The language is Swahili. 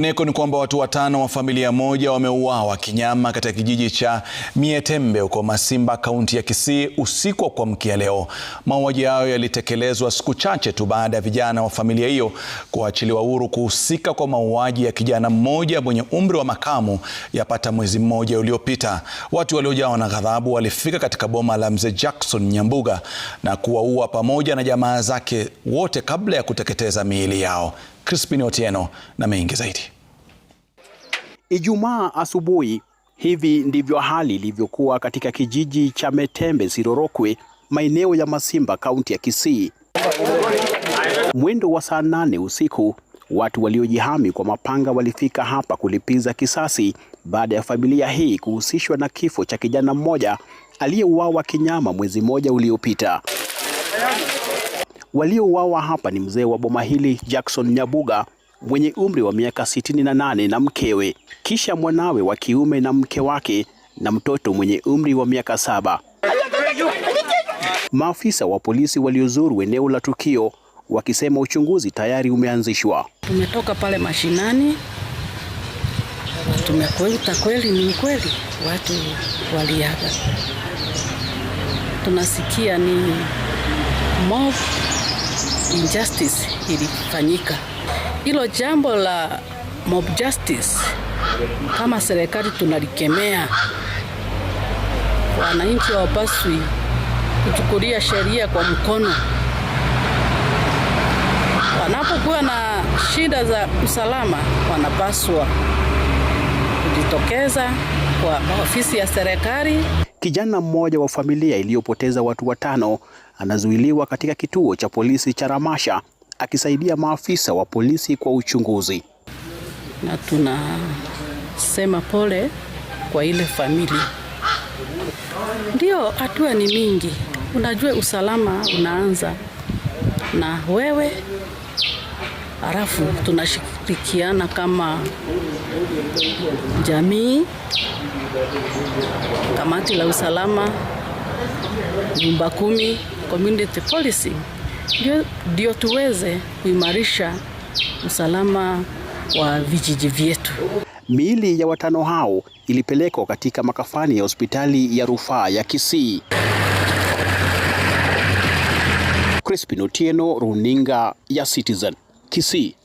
Neko ni kwamba watu watano wa familia moja wameuawa kinyama katika kijiji cha Mietembe huko Masimba, kaunti ya Kisii usiku wa kuamkia leo. Mauaji hayo yalitekelezwa siku chache tu baada ya vijana wa familia hiyo kuachiliwa huru kuhusika kwa mauaji ya kijana mmoja mwenye umri wa makamu yapata mwezi mmoja uliopita. Watu waliojawa na ghadhabu walifika katika boma la mzee Jackson Nyambuga na kuwaua pamoja na jamaa zake wote kabla ya kuteketeza miili yao. Crispin Otieno na mengi zaidi. Ijumaa asubuhi, hivi ndivyo hali ilivyokuwa katika kijiji cha Metembe sirorokwe maeneo ya Masimba, kaunti ya Kisii. Mwendo wa saa nane usiku, watu waliojihami kwa mapanga walifika hapa kulipiza kisasi baada ya familia hii kuhusishwa na kifo cha kijana mmoja aliyeuawa kinyama mwezi mmoja uliopita. Waliouawa hapa ni mzee wa boma hili Jackson Nyabuga mwenye umri wa miaka sitini na mkewe, kisha mwanawe wa kiume na mke wake na mtoto mwenye umri wa miaka saba. Maafisa wa polisi waliozuru eneo la tukio wakisema uchunguzi tayari umeanzishwa. Tumetoka pale mashinani, tumekuita kweli ni kweli watu waliaga, tunasikia ni mob injustice ilifanyika. Hilo jambo la mob justice kama serikali tunalikemea. Wananchi hawapaswi kuchukulia sheria kwa mkono. Wanapokuwa na shida za usalama, wanapaswa kujitokeza kwa ofisi ya serikali. Kijana mmoja wa familia iliyopoteza watu watano anazuiliwa katika kituo cha polisi cha Ramasha akisaidia maafisa wa polisi kwa uchunguzi. Na tunasema pole kwa ile familia. Ndio, hatua ni mingi. Unajua, usalama unaanza na wewe, halafu tunashirikiana kama jamii, kamati la usalama, nyumba kumi community policy ndio tuweze kuimarisha usalama wa vijiji vyetu. Miili ya watano hao ilipelekwa katika makafani ya hospitali ya rufaa ya Kisii. Crispin Otieno, runinga ya Citizen, Kisii.